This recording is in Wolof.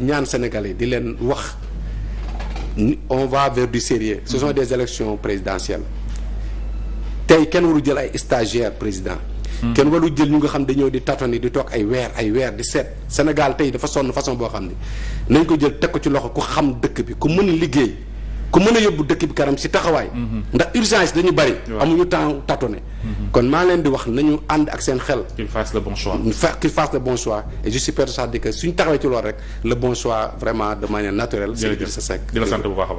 ñaan Sénégalais di leen wax on va vers du sérieux ce sont des élections présidentielles tey kenn waru jël ay stagiaire président hmm. kenn waru jël ñu nga xam dañoo di tatoni di toog ay weer ay weer di seet Sénégal tey dafa sonn façon boo xam ne nañ ko jël teg ko ci loxo ku xam dëkk bi ku mën liggéey ku mën a yóbbu dëkk bi kanam si taxawaay. Mhm. ndax urgence dañu bari. amuñu temps tâtonner. Mhm. kon maa leen di wax nañu ànd ak seen xel. qu'il fasse le bon choix. qu'il fasse le et je suis persuadé taxawee ci loolu rek le bon vraiment de manière naturelle. jërëjëf di la sant bu baax